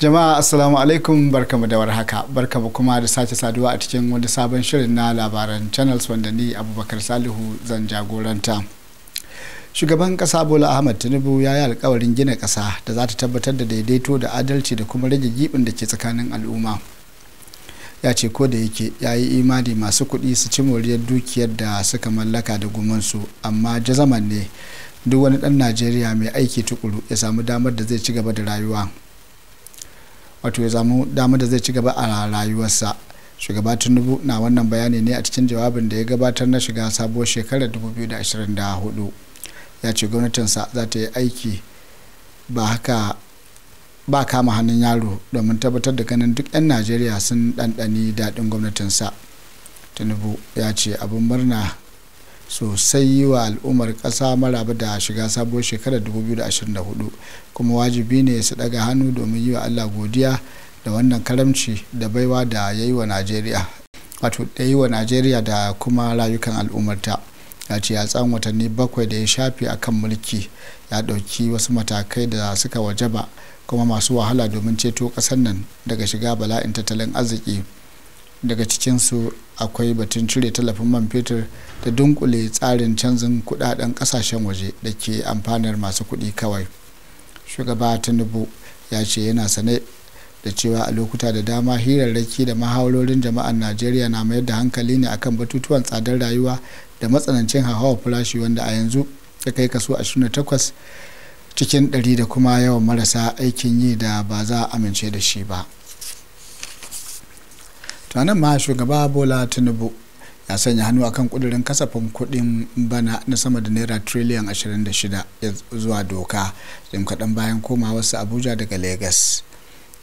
jama'a assalamu alaikum barkamu da warhaka barkamu kuma da sace saduwa a cikin wani sabon shirin na labaran channels wanda ni abubakar salihu zan jagoranta shugaban kasa bola ahmad tinubu ya yi alkawarin gina kasa da za ta tabbatar da daidaito da adalci da kuma rage gibin da ke tsakanin al'umma ya ce ko da yake ya yi imani masu kuɗi su ci moriyar dukiyar da suka mallaka da gumansu amma jazaman ne duk wani ɗan najeriya mai aiki tukuru ya samu damar da zai ci gaba da rayuwa wato ya zamu dama da zai ci gaba a rayuwarsa shugaba tinubu na wannan bayani ne a cikin jawabin da ya gabatar na shiga sabuwar shekarar 2024 ya ce gwamnatinsa za ta yi aiki ba haka ba kama hannun yaro domin tabbatar da ganin duk 'yan najeriya sun ɗanɗani daɗin gwamnatinsa tinubu ya ce abin murna sosai yi wa al'ummar ƙasa maraba da shiga sabuwar shekarar 2024 kuma wajibi ne su daga hannu domin yi wa allah godiya da wannan karamci da baiwa da ya yi wa najeriya wato da yi wa najeriya da kuma rayukan al'ummarta ya ce ya tsawon watanni bakwai da ya shafi a kan mulki ya ɗauki wasu matakai da suka wajaba kuma masu wahala domin ceto ƙasar nan daga shiga bala'in tattalin arziki daga cikinsu akwai batun cire tallafin man fetur da dunkule tsarin canzin kudaden kasashen waje da ke amfanar masu kuɗi kawai shugaba tinubu ya ce yana sane da cewa a lokuta da dama hirarraki da mahaurorin jama'an najeriya na mayar da hankali ne akan batutuwan tsadar rayuwa da matsanancin hawa farashi wanda a yanzu ya kai kaso 28 cikin 100 da kuma yawan marasa aikin yi da ba za a amince da shi ba. to nan ma shugaba bola tinubu ya sanya hannu akan kudirin kasafin kudin bana na sama da naira triliyan 26 zuwa doka jim kaɗan bayan wasu abuja daga lagos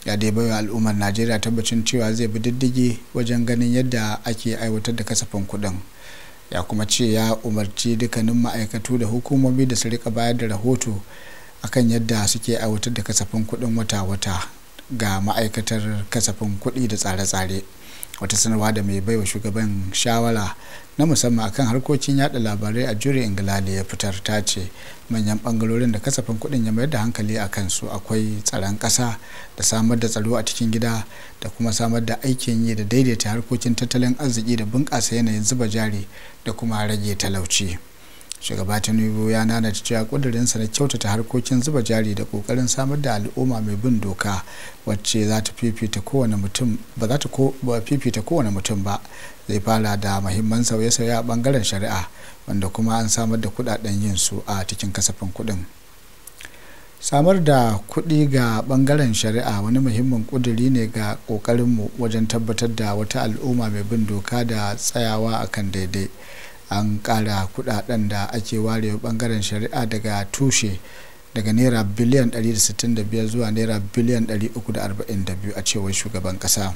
ya dai baiwa al'ummar najeriya tabbacin cewa zai bi diddigi wajen ganin yadda ake aiwatar da kasafin kudin ya kuma ce ya umarci dukkanin ma'aikatu da hukumomi da su rika bayar da rahoto akan yadda suke aiwatar da kasafin kudin wata-wata ga ma'aikatar kasafin kudi da tsare-tsare wata sanarwa da mai baiwa shugaban shawara na musamman akan harkokin yada labarai a jure ingilali ya fitar ta ce manyan bangarorin da kasafin kudin ya mayar da hankali a kansu akwai tsaron kasa da samar da tsaro a cikin gida da kuma samar da aikin yi da daidaita harkokin tattalin arziki da bunƙasa yanayin zuba jari da kuma rage talauci. shugaba tinubu ya nanata cewa kudurinsa na kyautata harkokin zuba jari da kokarin samar da al'umma mai bin doka wacce za ta fifita kowane mutum ba za ta fifita kowane mutum ba zai fara da mahimman sauye-sauye a bangaren shari'a wanda kuma an samar da kudaden yin su a cikin kasafin kudin samar da kuɗi ga bangaren shari'a wani muhimmin kuduri ne ga ƙoƙarinmu wajen tabbatar da wata al'umma mai bin doka da tsayawa akan daidai an ƙara kudaden da ake warewa bangaren shari'a daga tushe daga naira biliyan 165 zuwa naira biliyan 342 a cewar shugaban kasa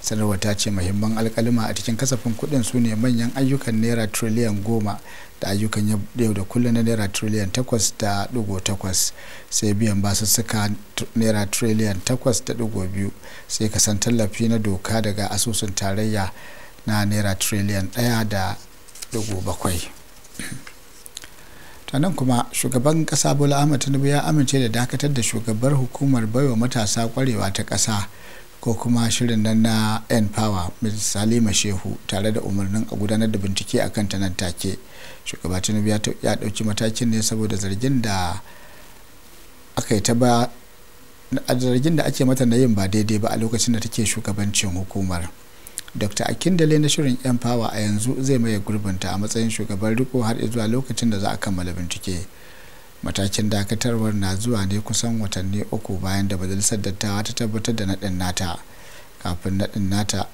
sanarwar ta ce mahimman alkalima a cikin kasafin kudin su ne manyan ayyukan naira triliyan goma da ayyukan yau da kullum na naira triliyan takwas da dugo takwas sai biyan basussuka naira triliyan takwas da dugo biyu sai kasan tallafi na doka daga asusun tarayya na naira triliyan daya da bakwai nan kuma shugaban kasa bola ahmed tinubu ya amince da dakatar da shugabar hukumar baiwa matasa kwarewa ta kasa ko kuma shirin nan na n power ms salima shehu tare da umarnin a gudanar da bincike a kan nan take shugaba tinubu ya dauki matakin ne saboda zargin da aka yi ta ba a zargin da ake mata na yin ba daidai ba a lokacin da take shugabancin hukumar dr akindale na shirin yan fawa a yanzu zai maye gurbinta a matsayin shugaban riko har zuwa lokacin da za a kammala bincike matakin dakatarwar na zuwa ne kusan watanni uku bayan da majalisar dattawa ta tabbatar da naɗin nata kafin naɗin nata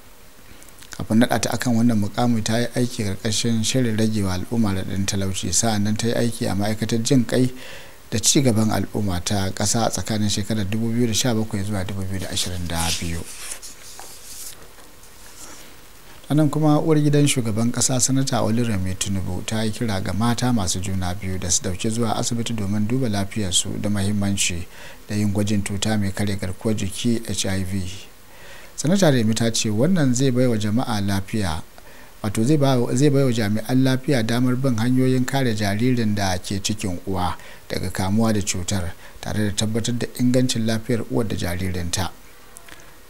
naɗa ta akan wannan mukami ta yi aiki karkashin shirin ragewa al'umma da ɗan talauci sa'an nan ta yi aiki a ma'aikatar jin kai da ci gaban al'umma ta ƙasa tsakanin shekarar 2017 zuwa 2022 nan kuma uwar gidan shugaban kasa sanata olira mai tinubu ta yi kira ga mata masu juna biyu da su dauki zuwa asibiti domin duba lafiyarsu da mahimmanci da yin gwajin tuta mai kare garkuwar jiki hiv sanata remi ta ce wannan zai baiwa jama'a lafiya wato zai baiwa jami'an lafiya damar bin hanyoyin kare jaririn da ke cikin uwa daga kamuwa da cutar tare da tabbatar da ingancin lafiyar uwar da jaririnta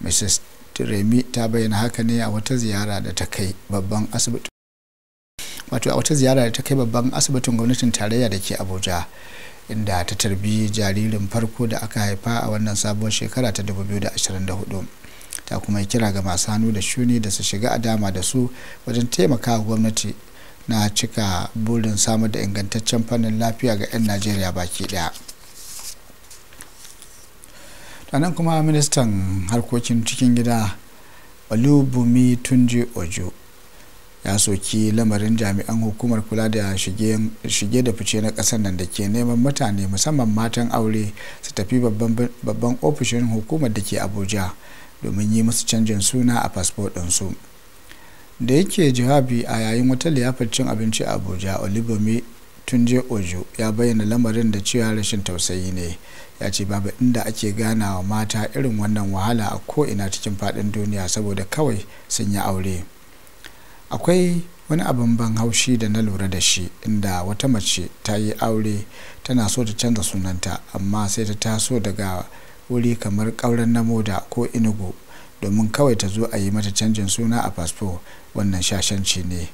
mrs remi ta bayyana haka ne a wata ziyara da ta kai babban asibitin wato a wata ziyara da ta kai babban asibitin gwamnatin tarayya da ke abuja inda ta tarbi jaririn farko da aka haifa a wannan sabuwar shekara ta 2024 ta kuma yi kira ga masu hannu da shuni da su shiga a dama da su wajen taimaka gwamnati na cika burin samar da ingantaccen fannin lafiya ga 'yan najeriya baki daya sannan kuma ministan harkokin cikin gida olubumi tunji ojo ya soki lamarin jami'an hukumar kula da shige da fice na kasar nan da ke neman mutane musamman matan aure su tafi babban ofishin hukumar da ke abuja domin yi musu canjin suna a fasfo ɗinsu da yake jawabi a yayin wata liyafar cin abinci a abuja olibomi tunje ojo ya bayyana lamarin da cewa rashin tausayi ne ya ce babu inda ake gana wa mata irin wannan wahala a ko'ina cikin faɗin duniya saboda kawai sun yi aure akwai wani abin ban haushi da na lura da shi inda wata mace ta yi aure tana so ta canza sunanta amma sai ta taso daga wuri kamar ƙauren na moda ko inugu domin kawai ta zo a yi mata canjin suna a fasfo wannan shashanci ne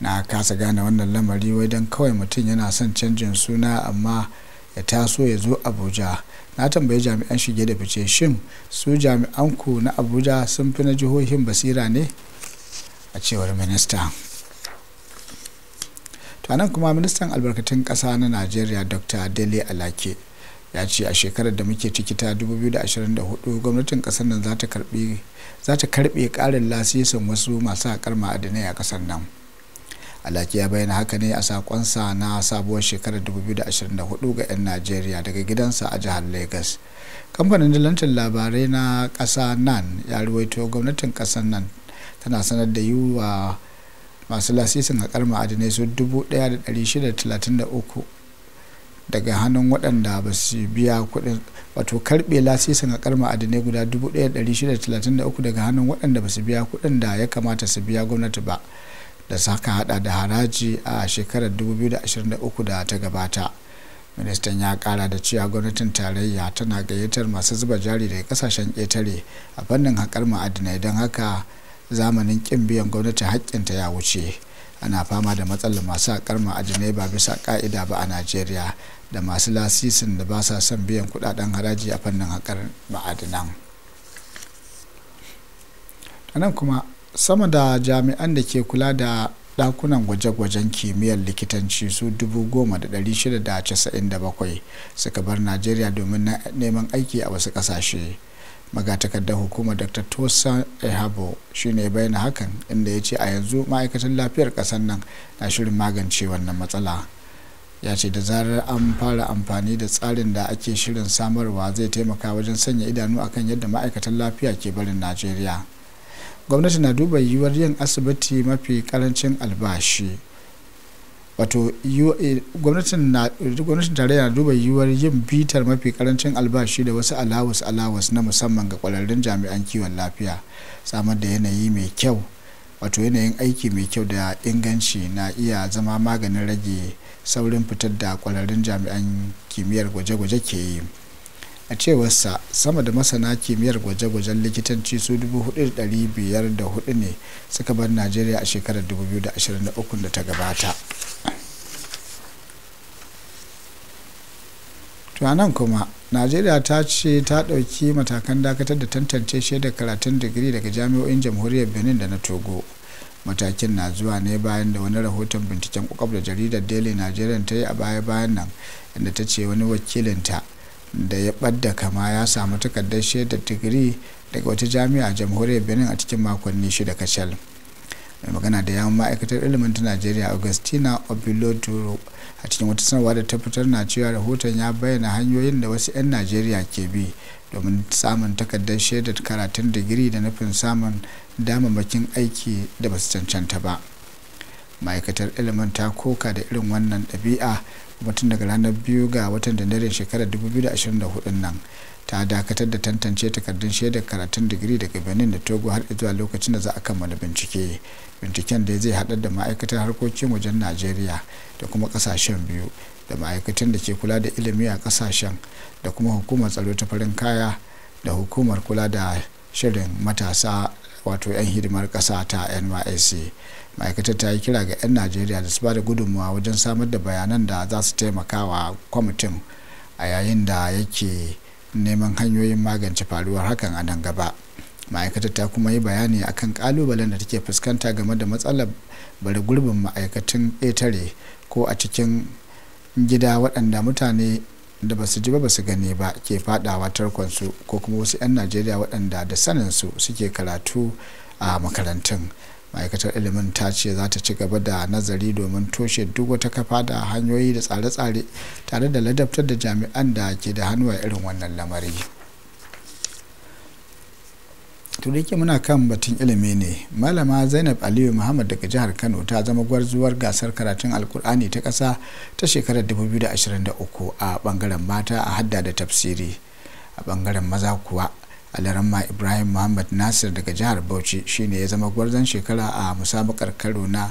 na kasa gane wannan lamari wai don kawai mutum yana son canjin suna amma ya taso ya zo abuja na tambayi jami'an shige da fice shin su jami'an ku na abuja sun fi na jihohin basira ne a cewar minista nan kuma ministan albarkatun kasa na najeriya dr dele alake ya ce a shekarar da muke ciki ta 2024 gwamnatin kasar nan za ta karbe ƙarin lasisin wasu masu haƙar ma'adanai a ƙasar nan alhaki ya bayyana haka ne a sakonsa na sabuwar shekarar 2024 ga 'yan najeriya daga gidansa a jihar lagos kamfanin dalancin labarai na ƙasa nan ya ruwaito gwamnatin ƙasar nan tana sanar da yiwuwa masu lasisin ƙar ma'adinai su 1633 daga hannun waɗanda ba su biya kuɗin wato karɓe lasisin ƙar ma'adinai guda 1633 daga hannun waɗanda ba su biya kuɗin da ya kamata su biya gwamnati ba da saka hada da haraji a shekarar 2023 da ta gabata ministan ya kara da cewa gwamnatin tarayya tana gayyatar masu zuba jari daga kasashen ƙetare a fannin haƙar ma'adinai don haka zamanin ƙin biyan gwamnati haƙƙinta ya wuce ana fama da matsalar masu haƙar ma'adinai ba bisa ƙa'ida ba a najeriya da masu lasisin da ba sa son biyan kuɗaɗen haraji a fannin haƙar ma'adinan nan kuma sama da jami'an da ke kula da dakunan gwaje-gwajen kimiyyar likitanci su 10,697 suka bar najeriya domin neman aiki a wasu kasashe magatakardar hukumar dr tosa ehabo shine ya bayyana hakan inda ya ce a yanzu ma'aikatan lafiyar kasar nan na shirin magance wannan matsala ya ce da zarar an fara amfani da tsarin da ake shirin samarwa zai taimaka wajen sanya idanu akan yadda ma'aikatan lafiya ke barin najeriya gwamnati na duba yiwuwar yin asibiti mafi karancin albashi wato eh, gwamnatin tarayya na duba yiwuwar yin bitar mafi karancin albashi da wasu alawus alawus na musamman ga kwararrun jami'an kiwon lafiya samar da yanayi mai kyau wato yanayin aiki mai kyau da inganci na iya zama maganin rage saurin fitar da kwararrun jami'an kimiyyar gwaje-gwaje ke yi a cewarsa sama da masana kimiyyar gwaje-gwajen likitanci su 4,504 ne suka bar najeriya a shekarar 2023 da ta gabata tunanin kuma najeriya ta ce ta ɗauki matakan dakatar da tantance shaidar karatun digiri daga jami'o'in jamhuriyar benin da na togo matakin na zuwa ne bayan da wani rahoton binciken kwakwab da jaridar daily nigerian ta yi a baya-bayan nan inda ta ce wani wakilinta da ya ɓadda kama ya samu takardar shaidar digiri daga wata jami'a a jamhuriyar benin a cikin makonni shida kacal mai magana da yawon ma'aikatar ilimin ta najeriya augustina obiloduro a cikin wata sanarwa da ta na cewa rahoton ya bayyana hanyoyin da wasu 'yan najeriya ke bi domin samun takardar shaidar karatun digiri da nufin samun damammakin aiki da basu cancanta ba ma'aikatar ilimin ta koka da irin wannan ɗabi'a kuma tun daga ranar biyu ga watan janairun shekarar 2024 nan ta dakatar da tantance takardun shaidar karatun digiri daga benin da togo har zuwa lokacin da za a kammala bincike binciken da zai haɗar da ma'aikatar harkokin wajen najeriya da kuma ƙasashen biyu da ma'aikatan da ke kula da ilimi a ƙasashen da kuma hukumar tsaro ta farin kaya da hukumar kula da shirin matasa wato 'yan hidimar kasa ta nysc ma'aikatar ta yi kira ga 'yan najeriya da su ba da gudunmawa wajen samar da bayanan da za su taimaka wa kwamitin a yayin da yake neman hanyoyin magance faruwar hakan a nan gaba ma'aikatar ta kuma yi bayani akan kalubalen da take fuskanta game da matsalar bari gurbin ma'aikatan ƙetare ko a cikin gida waɗanda mutane da ba su ji ba ba su gani ba ke fadawa tarkonsu ko kuma wasu 'yan najeriya waɗanda da saninsu suke karatu a makarantun ma'aikatar ilimin ta ce za ta ci gaba da nazari domin toshe duk wata kafa da hanyoyi da tsare-tsare tare da ladabtar da jami'an da ke da hannuwa irin wannan lamari. turiki muna kan batun ilimi ne malama zainab aliyu muhammad daga jihar kano ta zama gwarzuwar gasar karatun alkur'ani ta ƙasa ta shekarar 2023 a bangaren mata a hadda da tafsiri a bangaren maza kuwa alarama ibrahim muhammad nasir daga jihar bauchi shine ya zama gwarzon shekara a musabakar karo na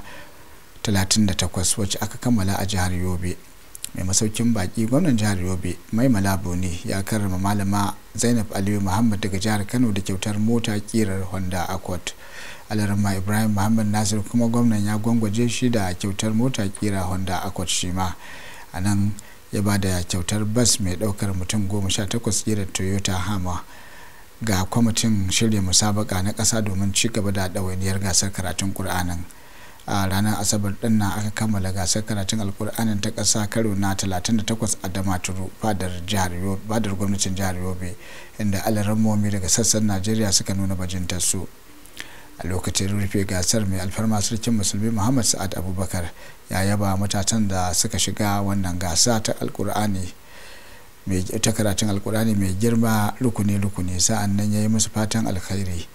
38 wacce aka kammala a jihar yobe mai masaukin baki gwamnan jihar yobe mai malabo ne ya karrama malama zainab aliyu muhammad daga jihar kano da kyautar mota kirar honda accord alarma ibrahim muhammad nasir kuma gwamnan ya gwangwaje shi da kyautar mota kira honda accord shi ma a nan ya ba da kyautar bas mai daukar mutum goma sha takwas kirar toyota hama ga kwamitin shirya musabaka na kasa domin ci gaba da ɗawainiyar gasar karatun kur'anin. a ranar asabar din nan aka kammala gasar karatun alkur'anin ta kasa karo na 38 a damaturu fadar jihar yobe fadar gwamnatin jihar yobe inda momi daga sassan najeriya suka nuna bajintar su a lokacin rufe gasar mai alfarma sarkin musulmi muhammad sa'ad abubakar ya yaba matatan da suka shiga wannan gasa ta alkur'ani ta karatun alkur'ani mai girma rukuni-rukuni sa'an nan ya yi musu fatan alkhairi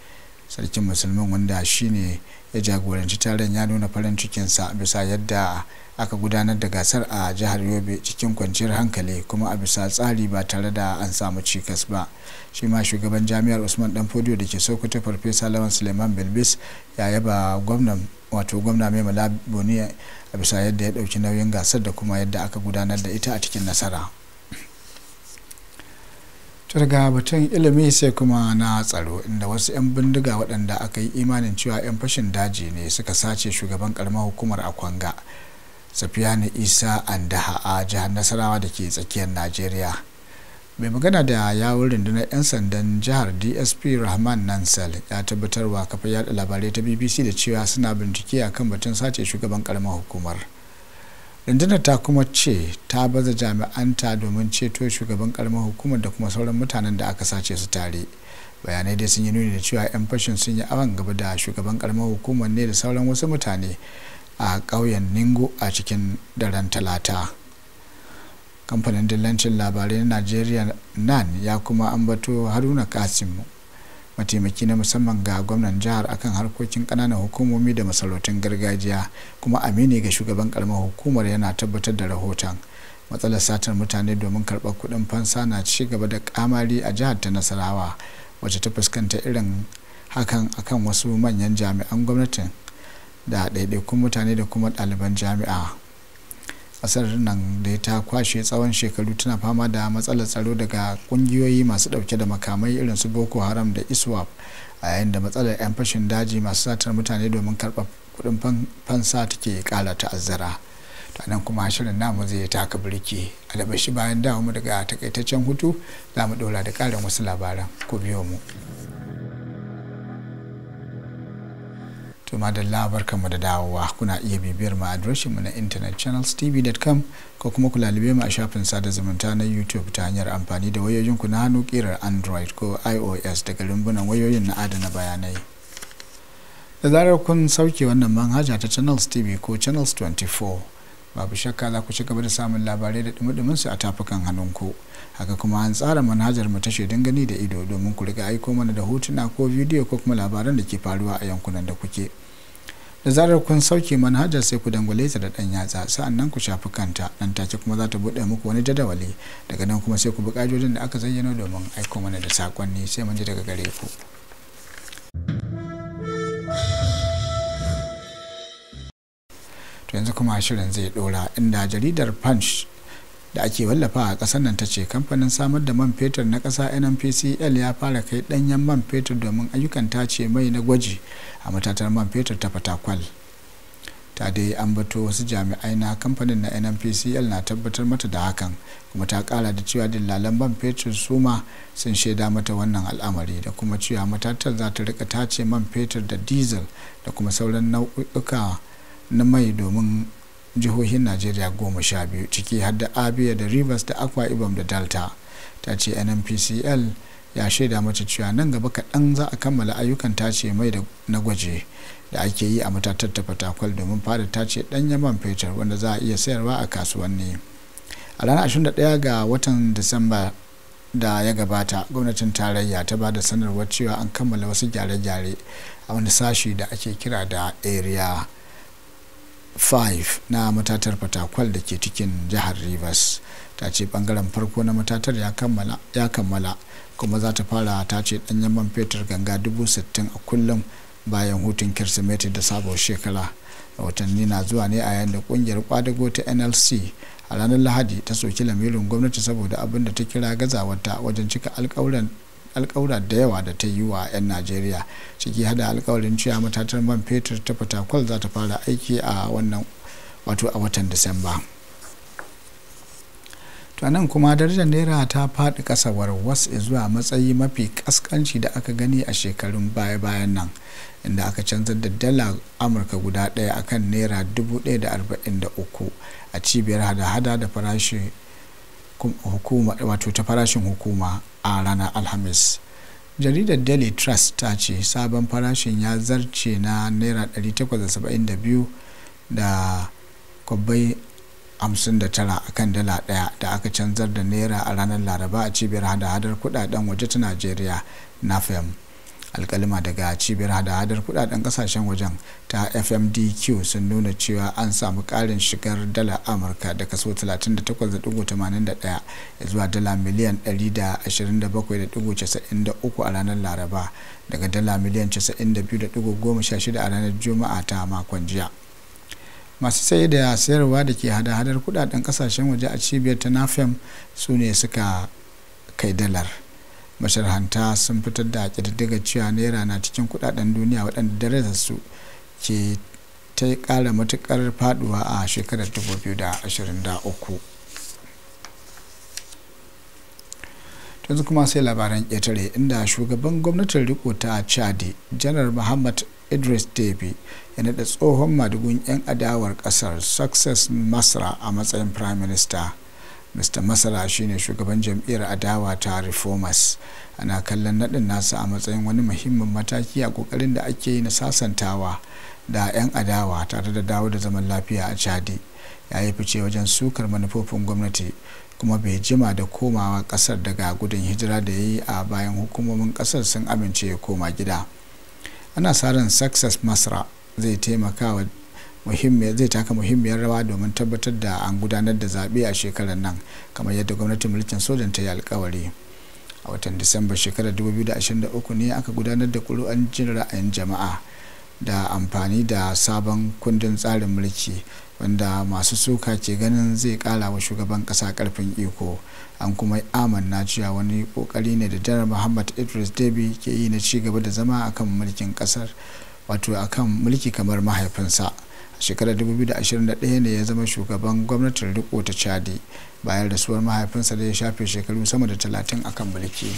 sarkin musulmin wanda shi ne ya jagoranci taron ya nuna farin cikinsa bisa yadda aka gudanar da gasar a jihar yobe cikin kwanciyar hankali kuma a bisa tsari ba tare da an samu cikas ba shi ma shugaban jami'ar usman dan fodiyo da ke sokoto farfesa lawan suleiman bilbis ya yaba gwamnan wato gwamna mai malaboni a bisa yadda ya dauki nauyin gasar da kuma yadda aka gudanar da ita a cikin nasara turga batun ilimi sai kuma na tsaro inda wasu 'yan bindiga waɗanda aka yi imanin cewa 'yan fashin daji ne suka sace shugaban karamar hukumar safiya na isa andaha a jihar nasarawa da ke tsakiyar najeriya mai magana da yawon rundunar 'yan sandan jihar dsp rahman nansal ya tabbatarwa kafa yada labarai ta bbc da cewa suna bincike a kan batun sace shugaban karamar hukumar. rundunar ta kuma ce ta baza jami'anta domin ceto shugaban karamar hukumar da kuma sauran mutanen da aka sace su tare bayanai dai sun yi nuni da cewa 'yan fashin sun yi awon gaba da shugaban karamar hukumar ne da sauran wasu mutane a ƙauyen ningo a cikin daren talata kamfanin dillancin labarai na najeriya nan ya kuma ambato haruna kasim mataimaki na musamman ga gwamnan jihar akan harkokin kananan hukumomi da masarautun gargajiya kuma amini ga shugaban karamar hukumar yana tabbatar da rahoton matsalar satar mutane domin karɓar kuɗin fansa na ci gaba da kamari a jihar ta nasarawa wacce ta fuskanta irin hakan akan wasu manyan jami'an gwamnatin da ɗaiɗaikun mutane da kuma ɗaliban jami'a kasar nan da ta kwashe tsawon shekaru tana fama da matsalar tsaro daga kungiyoyi masu dauke da makamai irin su boko haram da iswap a yayin da matsalar 'yan fashin daji masu satar mutane domin karɓar kudin fansa take kala ta'azzara ta nan kuma shirin namu zai taka birki a da bayan dawo mu daga takaitaccen hutu za mu ɗora da ƙarin wasu labaran ku biyo mu to madalla mu da dawowa kuna iya bibiyar mu adireshinmu na internet tv.com ko kuma ku lalube mu a shafin sada zumunta na youtube ta hanyar amfani da wayoyin ku na hannu kirar android ko ios daga rumbunan wayoyin na adana bayanai da zarar kun sauke wannan manhaja ta channels tv ko channels 24 babu shakka za ku ci gaba da samun labarai da dumi su a tafukan hannun ku haka kuma an tsara manhajar mu ta shaidun gani da ido domin ku riga aiko mana da hotuna ko bidiyo ko kuma labaran da ke faruwa a yankunan da kuke da zarar kun sauke manhajar sai ku dangwale ta da dan yatsa nan ku shafi kanta nan take kuma za ta bude muku wani jadawali daga nan kuma sai ku bi kajojin da aka zayyana domin aiko mana da sakonni sai mun ji daga gare ku to yanzu kuma shirin zai dora inda jaridar punch da ake wallafa a ƙasar nan ta ce kamfanin samar da man fetur na ƙasa nnpcl ya fara kai ɗanyen man fetur domin ayyukan tace mai na gwaji a matatar man fetur ta fatakwal ta dai ambato wasu jami'ai na kamfanin na nnpcl na tabbatar mata da hakan kuma ta kara da cewa dillalan man fetur suma sun shaida mata wannan al'amari da kuma cewa matatar za ta rika tace man fetur da diesel da kuma sauran nau'uka na mai domin jihohin najeriya goma sha biyu ciki har da abia da rivers da akwa ibom da delta ta ce nnpcl ya shaida mata cewa nan gaba kaɗan za a kammala ayyukan tace mai na gwaje da ake yi a matatar ta fatakwal domin fara tace ɗanyen man fetur wanda za a iya sayarwa a kasuwanni a ranar 21 ga watan disamba da ya gabata gwamnatin tarayya ta ba da sanarwar cewa an kammala wasu gyare-gyare a wani sashi da ake kira da area 5 na matatar fatakwal da ke cikin jihar rivers ta ce bangaren farko na matatar ya kammala kuma za ta fara ta ce danyen man fetur ganga 60,000 a kullum bayan hutun kirsimeti da sabon shekara watanni na zuwa ne a yayin da kungiyar kwadago ta nlc a ranar lahadi ta soki lamirin gwamnati saboda abin da ta kira gazawarta wajen cika alkawuran alkawura da yawa da ta yi wa 'yan najeriya ciki hada alkawarin cewa matatar man fetur ta fatakwal za ta fara aiki a wannan wato a watan disamba to nan kuma darajar naira ta faɗi ƙasa warwas zuwa matsayi mafi kaskanci da aka gani a shekarun baya-bayan nan inda aka canza da dala amurka guda ɗaya akan naira 1,043 a cibiyar hada-hada da farashin wato ta farashin hukuma a ranar alhamis jaridar daily trust ta ce sabon farashin ya zarce na naira 872 da kwabbai 59 akan dala daya da aka canzar da naira a ranar laraba a cibiyar hada-hadar kudaden waje ta najeriya na fam alkalima daga cibiyar hada-hadar kudaden kasashen wajen ta fmdq sun nuna cewa an samu karin shigar dala amurka da kaso 38.81 zuwa dala miliyan 127.93 a ranar laraba daga dala miliyan 92.16 a ranar juma'a ta makon jiya masu sayi da sayarwa da ke hada-hadar kudaden kasashen waje a cibiyar ta nafem su ne suka kai dalar masharhanta sun fitar da ƙididdiga cewa naira na cikin kudaden duniya waɗanda su ke ta ƙara matuƙar faduwa a shekarar 2023 yanzu kuma sai labaran ƙetare inda shugaban gwamnatin riko ta chadi janar muhammad idris debi ya naɗa tsohon madugun 'yan adawar ƙasar success masra a matsayin prime minister mr masara shine shugaban jam'iyyar adawa ta reformers ana kallon nadin nasa a matsayin wani muhimmin mataki a kokarin da ake yi na sasantawa da 'yan adawa tare da dawo da zaman lafiya a chadi ya yi fice wajen sukar manufofin gwamnati kuma bai jima da komawa kasar daga gudun hijira da ya yi a bayan hukumomin kasar sun amince ya koma gida ana sa ran success masra zai taimaka wa zai taka muhimmiyar rawa domin tabbatar da an gudanar da zaɓe a shekarar nan kamar yadda gwamnatin mulkin sojan ta yi alkawari a watan disamba shekarar 2023 ne aka gudanar da ƙuri'an jin ra'ayin jama'a da amfani da sabon kundin tsarin mulki wanda masu suka ke ganin zai kara wa shugaban ƙasa karfin iko an kuma amanna cewa wani kokari ne da janar muhammad idris debi ke yi na ci gaba da zama akan mulkin kasar wato akan mulki kamar mahaifinsa shekarar 2021 ne ya zama shugaban gwamnatin riko ta chadi bayan rasuwar mahaifinsa da ya shafe shekaru sama da 30 kan mulki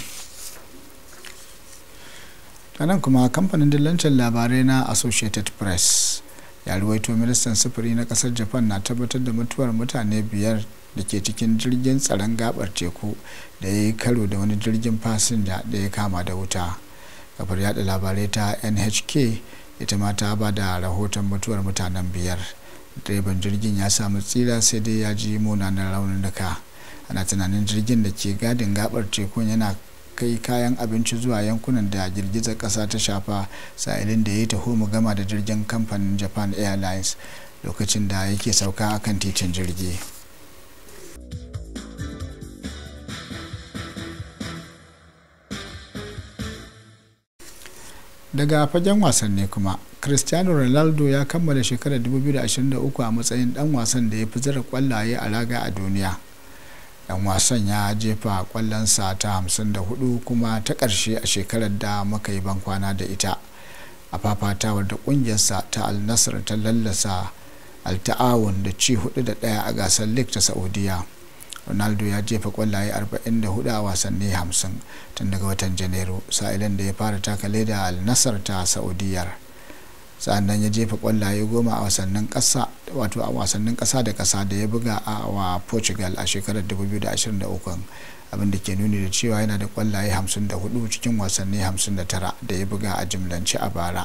nan kuma kamfanin dillancin labarai na associated press ya ruwaito ministan sufuri na kasar japan na tabbatar da mutuwar mutane biyar da ke cikin jirgin tsaron gabar teku da ya yi karo da wani jirgin fasinja da ya kama da wuta kafar yada labarai ta nhk ita ma ta ba da rahoton mutuwar mutanen biyar direban jirgin ya samu tsira sai dai ya ji munanan raunuka ana tunanin jirgin da ke gadin gabar tekun yana kai kayan abinci zuwa yankunan da girgizar kasa ta shafa sa'ilin da ya yi taho mu gama da jirgin kamfanin japan airlines lokacin da yake sauka akan titin jirgi daga fagen wasanni kuma cristiano ronaldo ya kammala shekarar 2023 a matsayin dan wasan da ya fi zira kwallaye a raga a duniya dan wasan ya jefa kwallonsa ta 54 kuma ta ƙarshe a shekarar da muka yi bankwana da ita a fafatawar da ƙungiyarsa ta al ta lallasa al da ci 4 da 1 a gasar league ta saudiya ronaldo ya jefa kwallaye 44 a wasanni 50 tun daga watan janairu sa'ilin da ya fara taka leda al nasar ta saudiyar sa'annan ya jefa kwallaye goma a wasannin kasa wato a wasannin kasa da kasa da ya buga a wa portugal a shekarar 2023 abinda ke nuni da cewa yana da kwallaye 54 cikin wasanni 59 da ya buga a jimlance a bara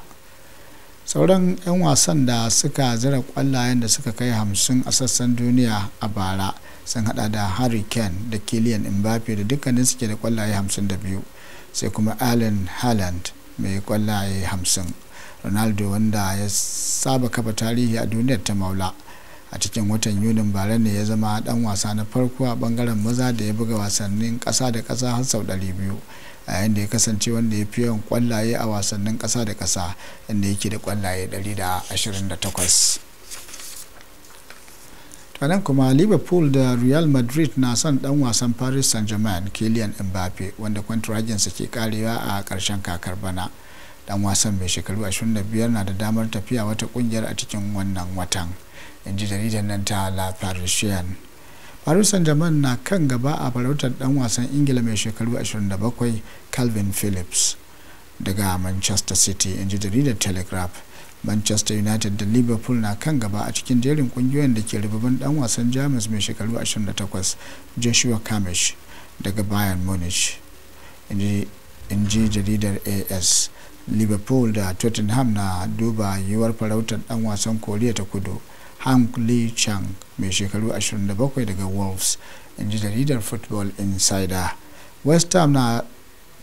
sauran 'yan wasan da suka zira kwallayen da suka kai hamsin a sassan duniya a bara sun hada da harry kane da kilian mbappe da dukkanin suke da kwallaye hamsin da biyu sai kuma allen haaland mai kwallaye hamsin ronaldo wanda ya saba kafa tarihi a duniyar ta maula a cikin watan yunin bara ne ya zama dan wasa na farko a bangaren maza da ya buga wasannin kasa da kasa har sau 200 a yayin da ya kasance wanda ya fi yawan kwallaye a wasannin kasa da ƙasa inda yake da kwallaye 128 nan kuma liverpool da real madrid na son dan wasan paris saint-germain kylian mbappe wanda kwantiraginsa ke karewa a karshen kakar bana dan wasan mai shekaru 25 na da damar tafiya wata kungiyar a cikin wannan watan in ji jaridar nan ta la parisienne paris saint-germain na kan gaba a farautar dan wasan ingila mai shekaru 27 calvin phillips daga manchester city in jaridar telegraph manchester united da liverpool na kan gaba a cikin jerin kungiyoyin da ke rububin dan wasan jamus mai shekaru 28 joshua camish daga bayern munich in ji jaridar as liverpool da tottenham na duba yiwuwar farautar dan wasan koriya ta kudu hank lee chang mai shekaru 27 daga wolves in ji jaridar football insider west ham na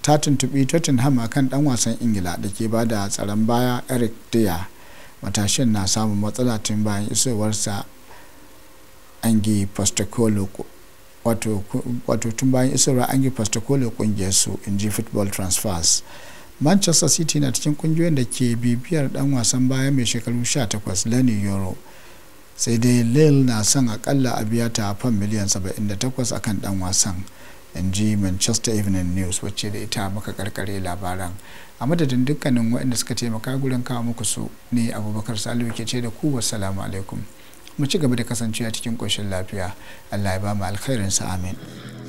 ta tuntubi tottenham akan dan wasan ingila da ke ba da tsaron baya eric diya matashin na samun matsala tun bayan isowarsa angi postacolo wato tun bayan isowar angi postacolo kungiyar su in ji football transfers manchester city na cikin kungiyoyin da ke bibiyar dan wasan baya mai shekaru 18 lenny euro sai dai lil na son akalla a biya ta fan miliyan 78 a kan dan wasan in ji manchester evening news wacce da ita muka karkare labaran a madadin dukkanin waɗanda suka taimaka gurin kawo muku su ne abubakar salihu ke ce da ku salamu alaikum mu ci gaba da kasancewa cikin ƙoshin lafiya allah ya ba mu alkhairinsa amin